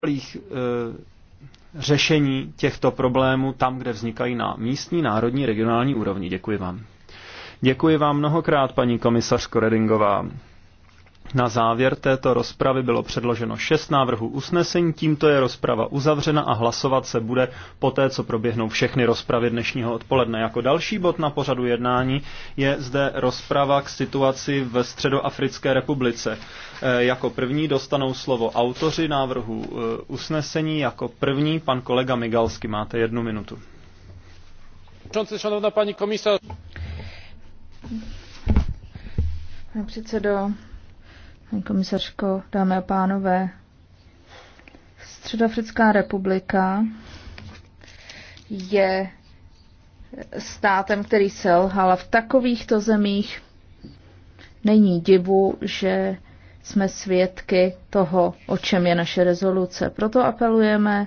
trvalých e, eh, řešení těchto problémů tam, kde vznikají na místní, národní, regionální úrovni. Děkuji vám. Děkuji vám mnohokrát, paní komisařko Redingová. Na závěr této rozpravy bylo předloženo šest návrhů usnesení, tímto je rozprava uzavřena a hlasovat se bude poté, co proběhnou všechny rozpravy dnešního odpoledne. Jako další bod na pořadu jednání je zde rozprava k situaci ve Středoafrické republice. E, jako první dostanou slovo autoři návrhu e, usnesení, jako první pan kolega Migalsky, máte jednu minutu. Pane předsedo, Pani komisařko, dámy a pánové, Středoafrická republika je státem, který selhal. V takovýchto zemích není divu, že jsme svědky toho, o čem je naše rezoluce. Proto apelujeme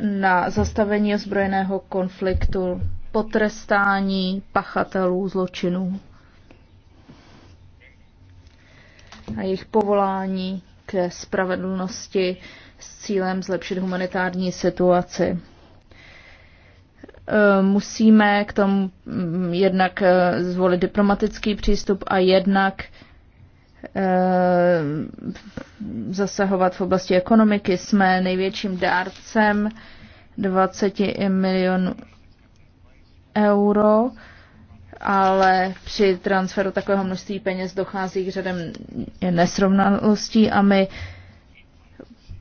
na zastavení ozbrojeného konfliktu, potrestání pachatelů zločinů. a jejich povolání k spravedlnosti s cílem zlepšit humanitární situaci. E, musíme k tomu mm, jednak e, zvolit diplomatický přístup a jednak e, zasahovat v oblasti ekonomiky. Jsme největším dárcem 20 milionů euro ale při transferu takového množství peněz dochází k řadem nesrovnalostí a my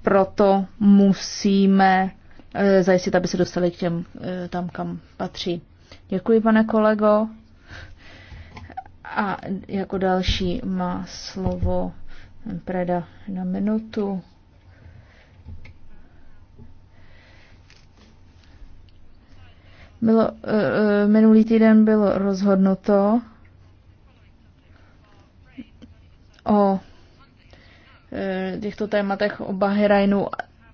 proto musíme eh, zajistit, aby se dostali k těm eh, tam, kam patří. Děkuji, pane kolego. A jako další má slovo Preda na minutu. Bylo, eh, eh, minulý týden bylo rozhodnuto o eh, těchto tématech o Bahrajnu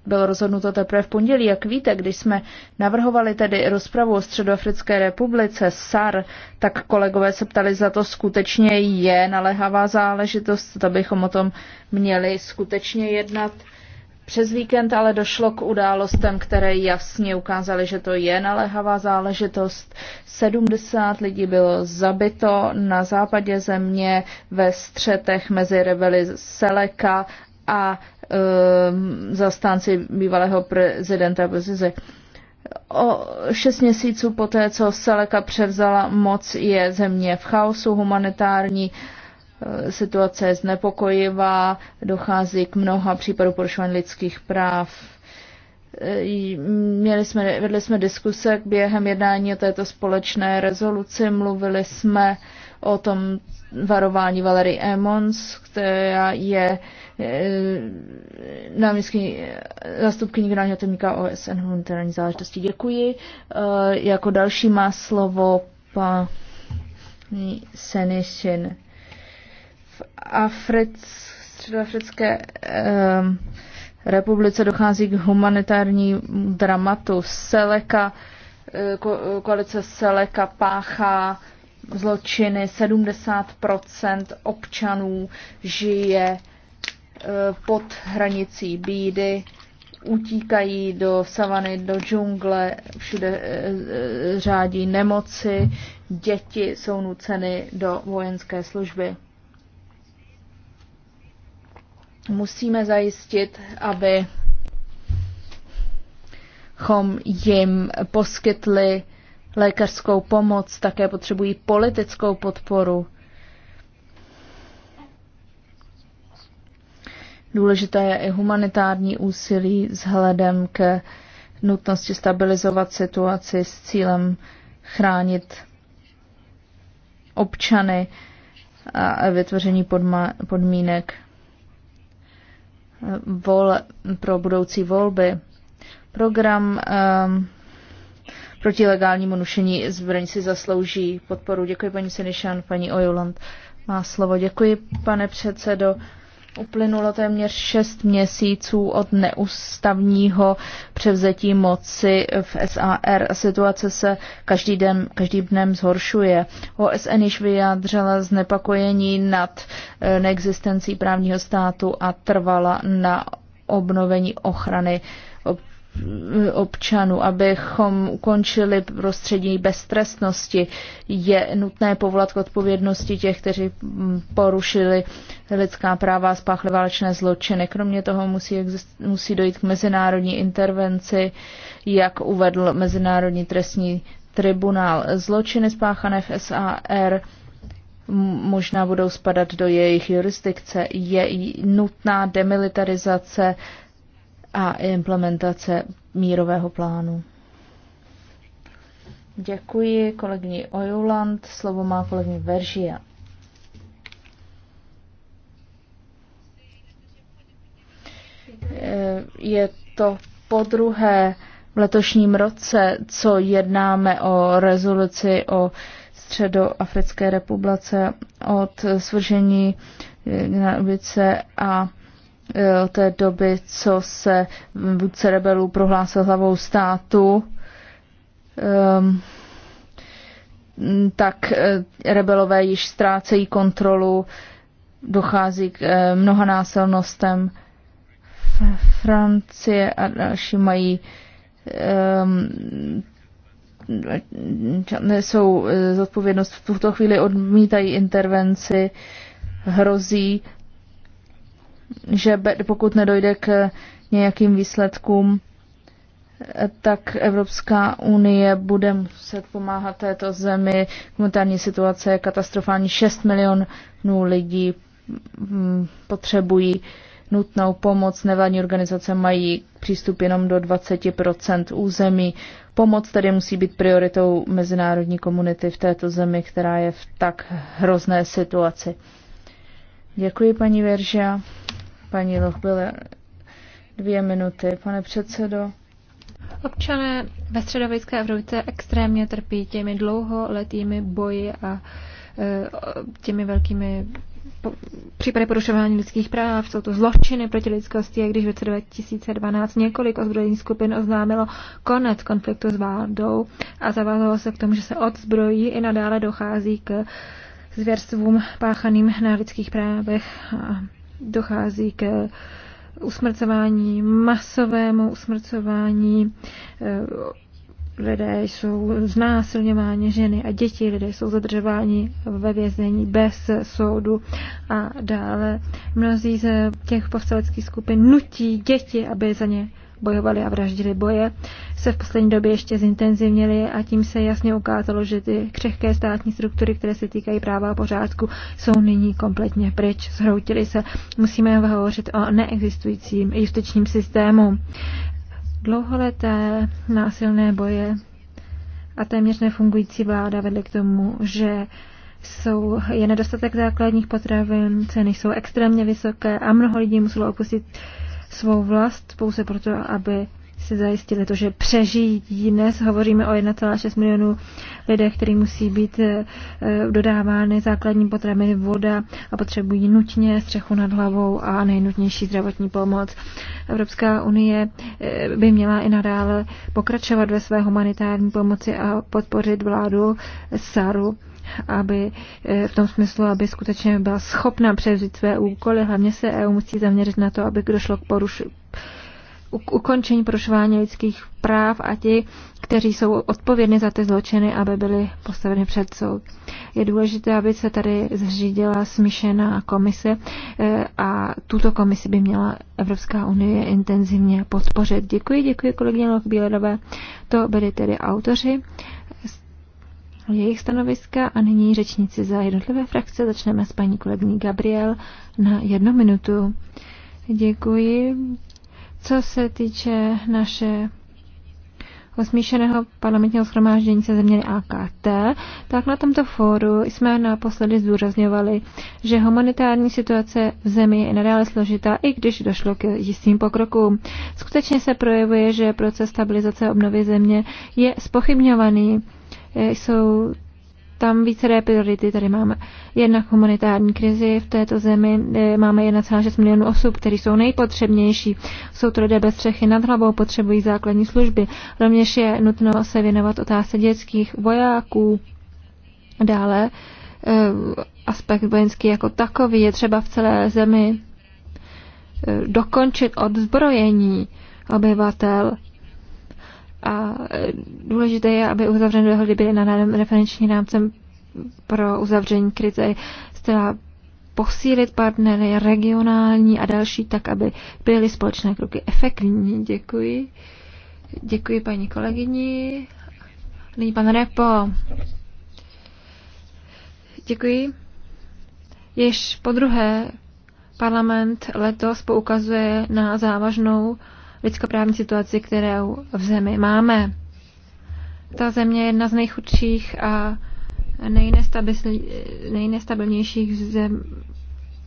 bylo rozhodnuto teprve v pondělí, jak víte, když jsme navrhovali tedy rozpravu o Středoafrické republice SAR, tak kolegové se ptali, za to skutečně je naléhavá záležitost, abychom o tom měli skutečně jednat. Přes víkend ale došlo k událostem, které jasně ukázaly, že to je naléhavá záležitost. 70 lidí bylo zabito na západě země ve střetech mezi rebeli Seleka a um, zastánci bývalého prezidenta Bozize. O šest měsíců poté, co Seleka převzala moc, je země v chaosu humanitární. Uh, Eh, situace je znepokojivá, dochází k mnoha případů porušování lidských práv. Eh, měli jsme, vedli jsme diskuse během jednání o této společné rezoluci, mluvili jsme o tom varování Valerie Emons, která je eh, náměstský zastupkyní generálního tajemníka OSN humanitární záležitosti. Děkuji. Jako další má slovo pan Senishin. Afric, Středoafrické eh, republice dochází k humanitární dramatu. Seleka, eh, ko, koalice Seleka páchá zločiny. 70% občanů žije eh, pod hranicí bídy utíkají do savany, do džungle, všude eh, eh, řádí nemoci, děti jsou nuceny do vojenské služby. Musíme zajistit, aby chom jim poskytli lékařskou pomoc, také potřebují politickou podporu. Důležité je i humanitární úsilí vzhledem k nutnosti stabilizovat situaci s cílem chránit občany a vytvoření podmínek vol pro budoucí volby. Program um, proti legálnímu nušení zbraní si zaslouží podporu. Děkuji paní Senišan, paní Ojuland. Má slovo. Děkuji, pane předsedo. Uplynulo téměř šest měsíců od neustavního převzetí moci v SAR a situace se každý den, každý dnem zhoršuje. OSN již vyjádřila znepokojení nad eh, neexistencí právního státu a trvala na obnovení ochrany uh, občanů, abychom ukončili prostředí beztrestnosti, je nutné povolat k odpovědnosti těch, kteří mm, porušili lidská práva a spáchli válečné zločiny. Kromě toho musí, musí dojít k mezinárodní intervenci, jak uvedl Mezinárodní trestní tribunál. Zločiny spáchané v SAR možná budou spadat do jejich jurisdikce. Je nutná demilitarizace a implementace mírového plánu. Děkuji kolegyni Ojuland, slovo má kolegyně Veržia. Eh, je to po druhé v letošním roce, co jednáme o rezoluci o Středoafrické republice od svržení Gnabice eh, a Eh, od té doby, co se vůdce rebelů prohlásil hlavou státu, ehm, tak eh, rebelové již ztrácejí kontrolu, dochází k eh, mnoha násilnostem. Francie a další mají jsou ehm, zodpovědnost v tuto chvíli odmítají intervenci, hrozí že pokud nedojde k nějakým výsledkům, tak Evropská unie bude muset pomáhat této zemi. Komunitární situace je katastrofální. 6 milionů lidí mm, potřebují nutnou pomoc. Nevládní organizace mají přístup jenom do 20 území. Pomoc tedy musí být prioritou mezinárodní komunity v této zemi, která je v tak hrozné situaci. Děkuji, paní Veržia. Paní byly dvě minuty. Pane předsedo. Občané ve středověké Evropě extrémně trpí těmi dlouholetými boji a e, těmi velkými případy porušování lidských práv, jsou to zločiny proti lidskosti, a když v roce 2012 několik ozbrojených skupin oznámilo konec konfliktu s vládou a zavázalo se k tomu, že se odzbrojí, i nadále dochází k zvěrstvům páchaným na lidských právech a dochází ke usmrcování, masovému usmrcování, eh, lidé jsou znásilňováni, ženy a děti, lidé jsou zadržováni ve vězení bez soudu a dále. Mnozí z těch povstaleckých skupin nutí děti, aby za ně bojovali a vraždili boje, se v poslední době ještě zintenzivnily a tím se jasně ukázalo, že ty křehké státní struktury, které se týkají práva a pořádku, jsou nyní kompletně pryč, zhroutily se. Musíme hovořit o neexistujícím justičním systému. Dlouholeté násilné boje a téměř nefungující vláda vedly k tomu, že jsou, je nedostatek základních potravin, ceny jsou extrémně vysoké a mnoho lidí muselo opustit svou vlast pouze proto, aby si zajistili to, že přežijí. Dnes hovoříme o 1,6 milionů lidech, který musí být eh, dodávány základní potraviny, voda a potřebují nutně střechu nad hlavou a nejnutnější zdravotní pomoc. Evropská unie eh, by měla i nadále pokračovat ve své humanitární pomoci a podpořit vládu Saru aby eh, v tom smyslu, aby skutečně byla schopna převzít své úkoly. Hlavně se EU musí zaměřit na to, aby došlo k porušení k ukončení porušování lidských práv a ti, kteří jsou odpovědní za ty zločiny, aby byli postaveni před soud. Je důležité, aby se tady zřídila smíšená komise eh, a tuto komisi by měla Evropská unie intenzivně podpořit. Děkuji, děkuji kolegyně Bílerové. To byly tedy autoři o jejich stanoviska a nyní řečnici za jednotlivé frakce. Začneme s paní kolegyní Gabriel na jednu minutu. Děkuji. Co se týče naše osmíšeného parlamentního schromáždění se zeměny AKT, tak na tomto fóru jsme naposledy zdůrazňovali, že humanitární situace v zemi je nadále složitá, i když došlo k jistým pokrokům. Skutečně se projevuje, že proces stabilizace obnovy země je spochybňovaný jsou tam více priority. Tady máme jedna humanitární krizi v této zemi, e, máme 1,6 milionů osob, které jsou nejpotřebnější. Jsou to lidé bez střechy nad hlavou, potřebují základní služby. Rovněž je nutno se věnovat otázce dětských vojáků. Dále e, aspekt vojenský jako takový je třeba v celé zemi e, dokončit odzbrojení obyvatel a e, důležité je, aby uzavřené dohody byly na referenční rámcem pro uzavření krize zcela posílit partnery regionální a další, tak aby byly společné kroky efektivní. Děkuji. Děkuji paní kolegyni. Nyní pan Repo. Děkuji. Již po druhé parlament letos poukazuje na závažnou lidskoprávní situaci, kterou v zemi máme. Ta země je jedna z nejchudších a nejnestabilnějších zem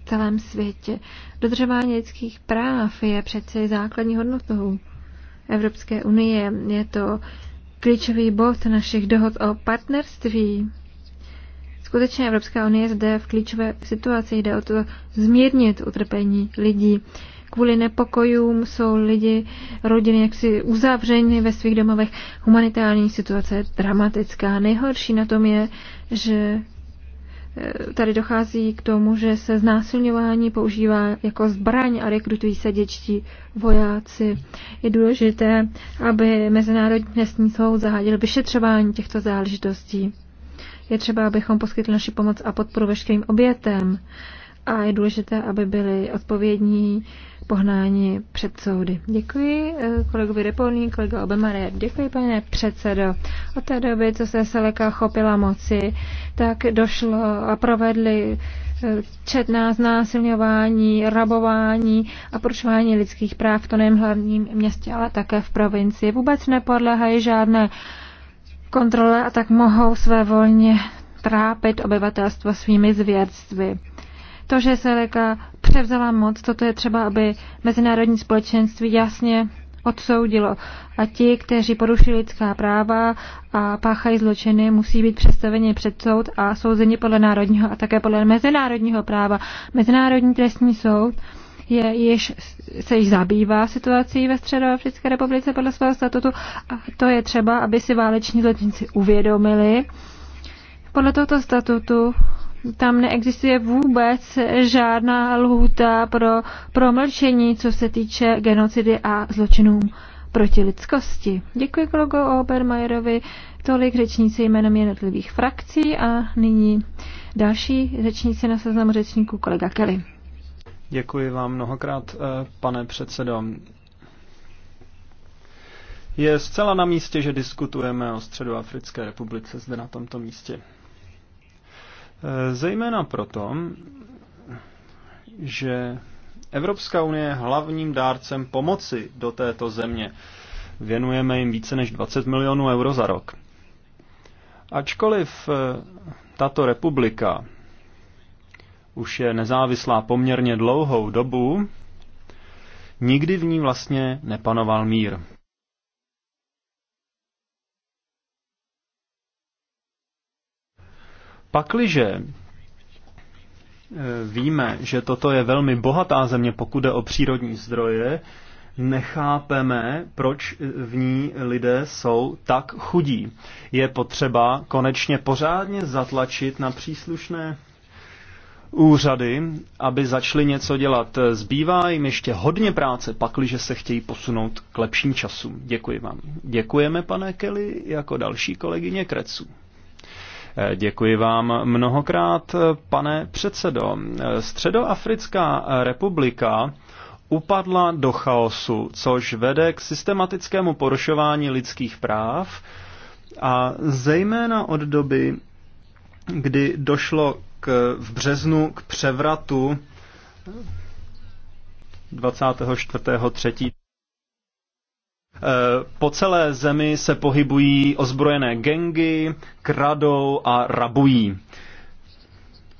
v celém světě. Dodržování lidských práv je přece základní hodnotou Evropské unie. Je to klíčový bod našich dohod o partnerství. Skutečně Evropská unie zde v klíčové situaci jde o to zmírnit utrpení lidí kvůli nepokojům jsou lidi, rodiny jaksi uzavřeny ve svých domovech. Humanitární situace je dramatická. Nejhorší na tom je, že eh, tady dochází k tomu, že se znásilňování používá jako zbraň a rekrutují se děčtí vojáci. Je důležité, aby Mezinárodní městní soud zahádil vyšetřování těchto záležitostí. Je třeba, abychom poskytli naši pomoc a podporu veškerým obětem a je důležité, aby byli odpovědní pohnání před soudy. Děkuji eh, kolegovi Repolní, kolego Obemare. Děkuji, pane předsedo. Od té doby, co se Seleka chopila moci, tak došlo a provedli eh, četná znásilňování, rabování a porušování lidských práv v tom hlavním městě, ale také v provincii. Vůbec nepodlehají žádné kontrole a tak mohou své volně trápit obyvatelstvo svými zvěrstvy. To, že Seleka převzala moc, toto je třeba, aby mezinárodní společenství jasně odsoudilo. A ti, kteří porušili lidská práva a páchají zločiny, musí být představeni před soud a souzeni podle národního a také podle mezinárodního práva. Mezinárodní trestní soud je, již, se již zabývá situací ve Středoafrické republice podle svého statutu a to je třeba, aby si váleční zločinci uvědomili. Podle tohoto statutu tam neexistuje vůbec žádná lhůta pro promlčení, co se týče genocidy a zločinů proti lidskosti. Děkuji kolego Obermajerovi, tolik řečníci jménem jednotlivých frakcí a nyní další řečníci na seznamu řečníků kolega Kelly. Děkuji vám mnohokrát, eh, pane předsedo. Je zcela na místě, že diskutujeme o Africké republice zde na tomto místě. Eh, zejména proto, že Evropská unie je hlavním dárcem pomoci do této země. Věnujeme jim více než 20 milionů euro za rok. Ačkoliv eh, tato republika už je nezávislá poměrně dlouhou dobu, nikdy v ní vlastně nepanoval mír. Pakliže eh, víme, že toto je velmi bohatá země, pokud jde o přírodní zdroje, nechápeme, proč v ní lidé jsou tak chudí. Je potřeba konečně pořádně zatlačit na příslušné úřady, aby začaly něco dělat. Zbývá jim ještě hodně práce, pakliže se chtějí posunout k lepším časům. Děkuji vám. Děkujeme, pane Kelly, jako další kolegyně Krecu. Děkuji vám mnohokrát, pane předsedo. Středoafrická republika upadla do chaosu, což vede k systematickému porušování lidských práv a zejména od doby, kdy došlo k, v březnu k převratu 24. 3. Eh, po celé zemi se pohybují ozbrojené gengy, kradou a rabují.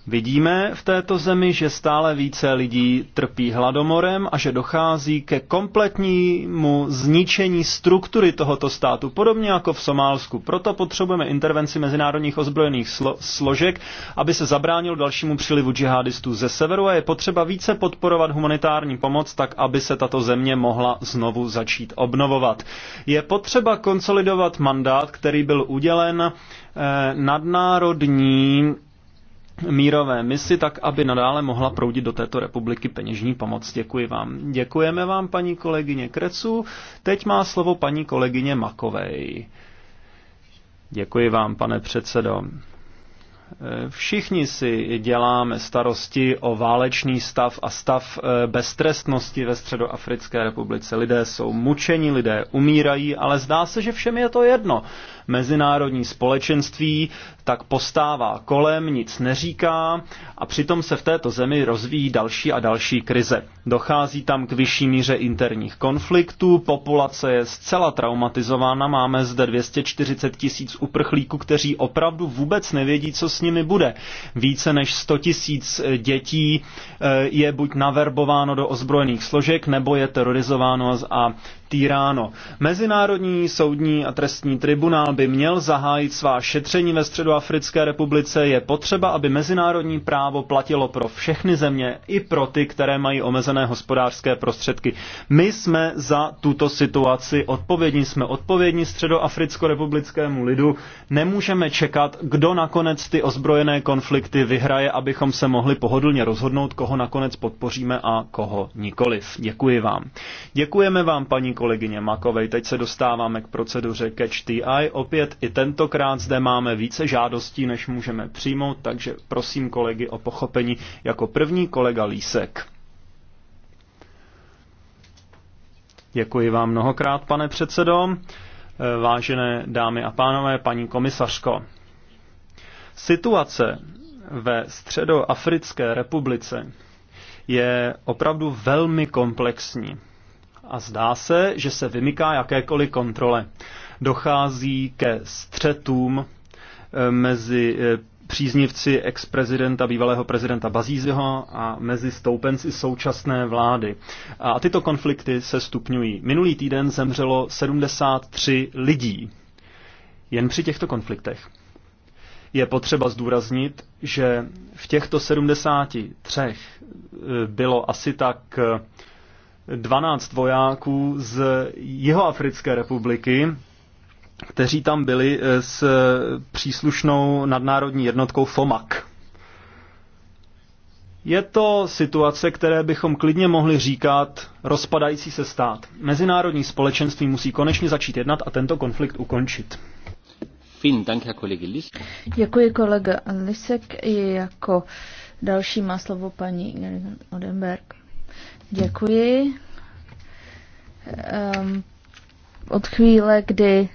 Vidíme v této zemi, že stále více lidí trpí hladomorem a že dochází ke kompletnímu zničení struktury tohoto státu, podobně jako v Somálsku. Proto potřebujeme intervenci mezinárodních ozbrojených slo- složek, aby se zabránil dalšímu přílivu džihadistů ze severu a je potřeba více podporovat humanitární pomoc, tak aby se tato země mohla znovu začít obnovovat. Je potřeba konsolidovat mandát, který byl udělen eh, nadnárodní mírové misi, tak aby nadále mohla proudit do této republiky peněžní pomoc. Děkuji vám. Děkujeme vám, paní kolegyně Krecu. Teď má slovo paní kolegyně Makovej. Děkuji vám, pane předsedo. Všichni si děláme starosti o válečný stav a stav eh, beztrestnosti ve Středoafrické republice. Lidé jsou mučeni, lidé umírají, ale zdá se, že všem je to jedno mezinárodní společenství tak postává kolem, nic neříká a přitom se v této zemi rozvíjí další a další krize. Dochází tam k vyšší míře interních konfliktů, populace je zcela traumatizována, máme zde 240 tisíc uprchlíků, kteří opravdu vůbec nevědí, co s nimi bude. Více než 100 tisíc eh, dětí eh, je buď naverbováno do ozbrojených složek, nebo je terorizováno a týráno. Mezinárodní soudní a trestní tribunál aby měl zahájit svá šetření ve Středoafrické republice. Je potřeba, aby mezinárodní právo platilo pro všechny země, i pro ty, které mají omezené hospodářské prostředky. My jsme za tuto situaci odpovědní. Jsme odpovědní Středoafricko-republickému lidu. Nemůžeme čekat, kdo nakonec ty ozbrojené konflikty vyhraje, abychom se mohli pohodlně rozhodnout, koho nakonec podpoříme a koho nikoliv. Děkuji vám. Děkujeme vám, paní kolegyně Makovej. Teď se dostáváme k proceduře Catch the Eye opět i tentokrát zde máme více žádostí, než můžeme přijmout, takže prosím kolegy o pochopení. Jako první kolega Lísek. Děkuji vám mnohokrát, pane předsedo. Vážené dámy a pánové, paní komisařko. Situace ve Středoafrické republice je opravdu velmi komplexní a zdá se, že se vymyká jakékoliv kontrole. Dochází ke střetům eh, mezi eh, příznivci ex-prezidenta, bývalého prezidenta Bazíziho a mezi stoupenci současné vlády. A tyto konflikty se stupňují. Minulý týden zemřelo 73 lidí jen při těchto konfliktech. Je potřeba zdůraznit, že v těchto 73 eh, bylo asi tak 12 vojáků z Jihoafrické republiky, kteří tam byli eh, s příslušnou nadnárodní jednotkou FOMAC. Je to situace, které bychom klidně mohli říkat rozpadající se stát. Mezinárodní společenství musí konečně začít jednat a tento konflikt ukončit. Děkuji kolega Lisek. Jako další má slovo paní Odenberg. Děkuji. Um, od chvíle, kdy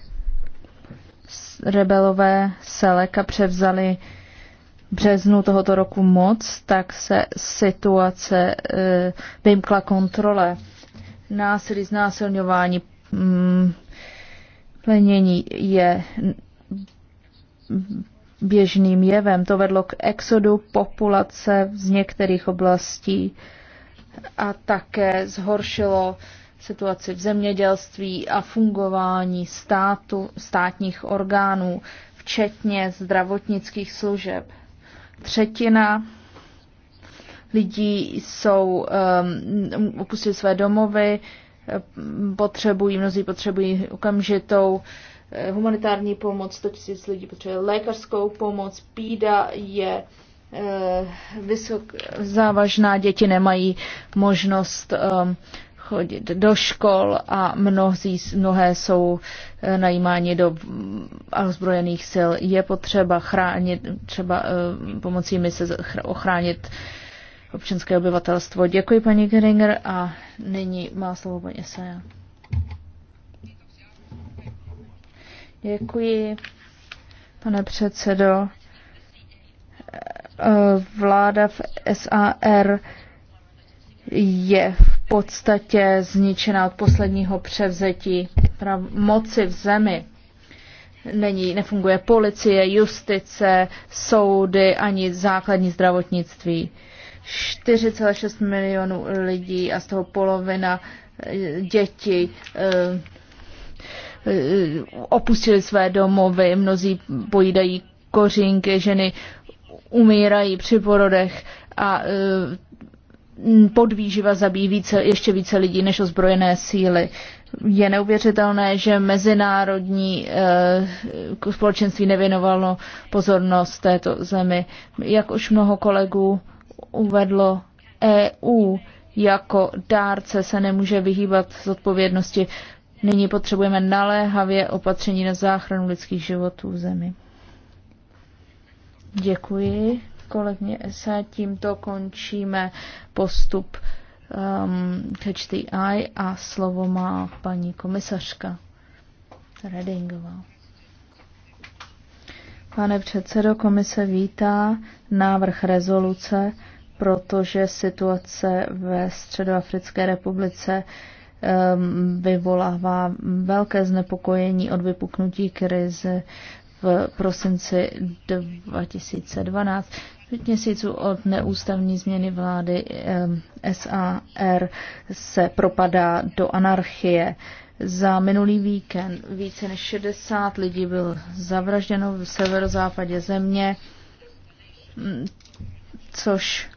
rebelové Seleka převzali březnu tohoto roku moc, tak se situace uh, vymkla kontrole. Násilí, znásilňování, mm, plenění je běžným jevem. To vedlo k exodu populace z některých oblastí. uh, a také zhoršilo situaci v zemědělství a fungování státu, státních orgánů, včetně zdravotnických služeb. Třetina lidí jsou um, opustili své domovy, potřebují, mnozí potřebují okamžitou eh, humanitární pomoc, 100 000 lidí potřebuje lékařskou pomoc, pída je Eh, vysok, závažná děti nemají možnost ehm, chodit do škol a mnozí, mnohé jsou eh, najímáni do ozbrojených sil. Je potřeba chránit, třeba ehm, pomocí mise ochránit občanské obyvatelstvo. Děkuji paní Geringer a nyní má slovo paní Esaja. Děkuji, pane předsedo. Eh, vláda v SAR je v podstatě zničena od posledního převzetí moci v zemi. Není, nefunguje policie, justice, soudy ani základní zdravotnictví. 4,6 milionů lidí a z toho polovina eh, děti eh, opustili své domovy, mnozí pojídají kořínky, ženy umírají při porodech a e, podvýživa zabíjí více, ještě více lidí než ozbrojené síly. Je neuvěřitelné, že mezinárodní e, společenství nevěnovalo pozornost této zemi. Jak už mnoho kolegů uvedlo, EU jako dárce se nemůže vyhýbat z odpovědnosti. Nyní potřebujeme naléhavě opatření na záchranu lidských životů v zemi. Děkuji, kolegně se tímto končíme postup um, Catch the Eye a slovo má paní komisařka Redingová. Pane předsedo, komise vítá návrh rezoluce, protože situace ve Středoafrické republice um, vyvolává velké znepokojení od vypuknutí krize v prosinci 2012, V měsíců od neústavní změny vlády SAR se propadá do anarchie. Za minulý víkend více než 60 lidí bylo zavražděno v severozápadě země, což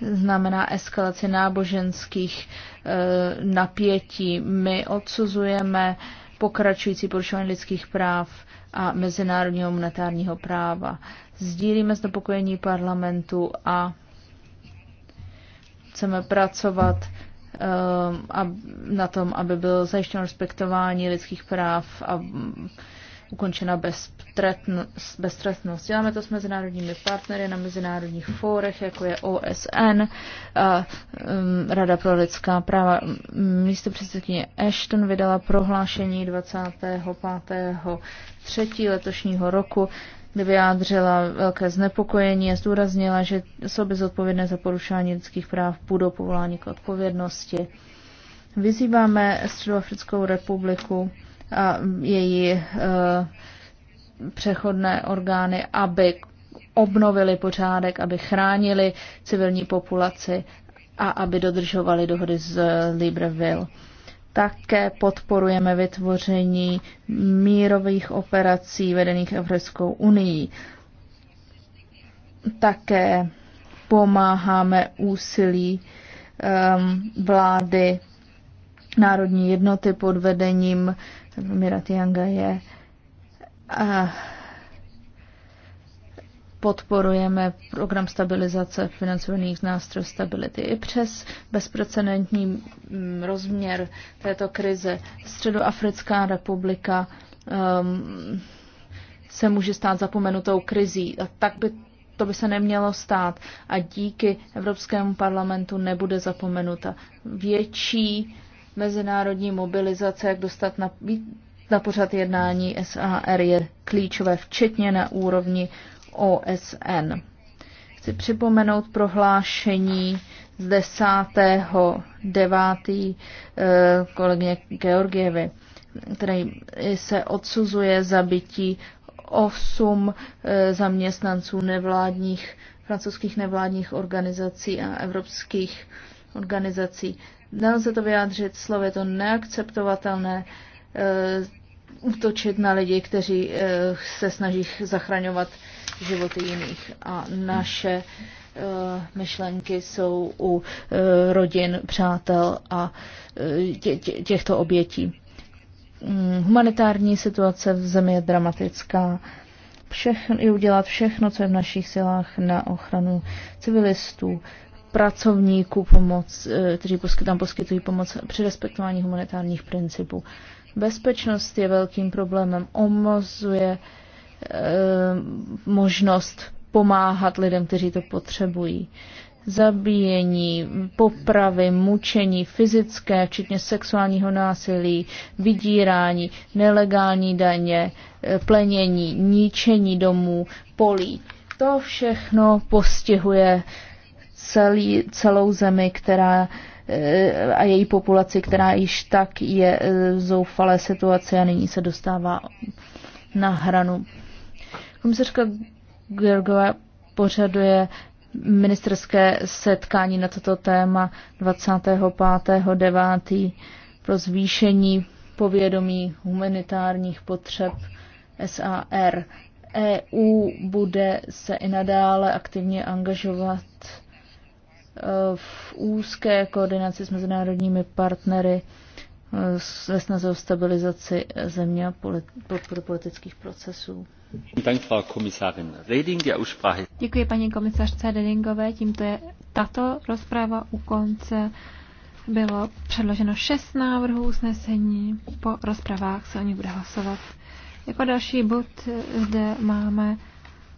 znamená eskalaci náboženských e, napětí. My odsuzujeme pokračující porušování lidských práv a mezinárodního monetárního práva. Sdílíme znepokojení parlamentu a chceme pracovat eh, a na tom, aby bylo zajištěno respektování lidských práv a ukončena beztrestnost. Děláme to s mezinárodními partnery na mezinárodních fórech, jako je OSN, a, um, Rada pro lidská práva. Místo předsedkyně Ashton vydala prohlášení 25.3. letošního roku, kde vyjádřila velké znepokojení a zdůraznila, že osoby zodpovědné za porušování lidských práv budou povoláni k odpovědnosti. Vyzýváme Středoafrickou republiku, a její e, přechodné orgány, aby obnovili pořádek, aby chránili civilní populaci a aby dodržovali dohody z Libreville. Také podporujeme vytvoření mírových operací vedených Evropskou unii. Také pomáháme úsilí um, vlády národní jednoty pod vedením Mira Tianga je a podporujeme program stabilizace financovaných nástrojů stability. I přes bezprecedentní mm, rozměr této krize Středoafrická republika um, se může stát zapomenutou krizí. A tak by to by se nemělo stát a díky Evropskému parlamentu nebude zapomenuta. Větší mezinárodní mobilizace, jak dostat na, na pořad jednání SAR je klíčové, včetně na úrovni OSN. Chci připomenout prohlášení z 10.9. Eh, kolegyně Georgievy, který se odsuzuje zabití osm eh, zaměstnanců nevládních, francouzských nevládních organizací a evropských organizací. Nelze to vyjádřit slovy, to neakceptovatelné eh, útočit na lidi, kteří eh, se snaží zachraňovat životy jiných. A naše eh, myšlenky jsou u rodin, přátel a těchto obětí. Mm, humanitární situace v zemi je dramatická. Všechno, i udělat všechno, co je v našich silách na ochranu civilistů, pracovníků, pomoc, eh, kteří tam poskytují pomoc při respektování humanitárních principů. Bezpečnost je velkým problémem, omozuje eh, možnost pomáhat lidem, kteří to potřebují. Zabíjení, popravy, mučení, fyzické, včetně sexuálního násilí, vydírání, nelegální daně, eh, plenění, ničení domů, polí. To všechno postihuje uh, celý, celou zemi, která eh, a její populaci, která již tak je v eh, zoufalé situaci a nyní se dostává na hranu. Komisařka Georgova pořaduje ministerské setkání na toto téma 25.9. pro zvýšení povědomí humanitárních potřeb SAR. EU bude se i nadále aktivně angažovat v úzké koordinaci s mezinárodními partnery eh, ve snaze o stabilizaci země a podporu politických procesů. Děkuji paní komisařce Redingové. Tímto je tato rozpráva u konce. Bylo předloženo šest návrhů usnesení. Po rozpravách se o nich bude hlasovat. Jako další bod zde máme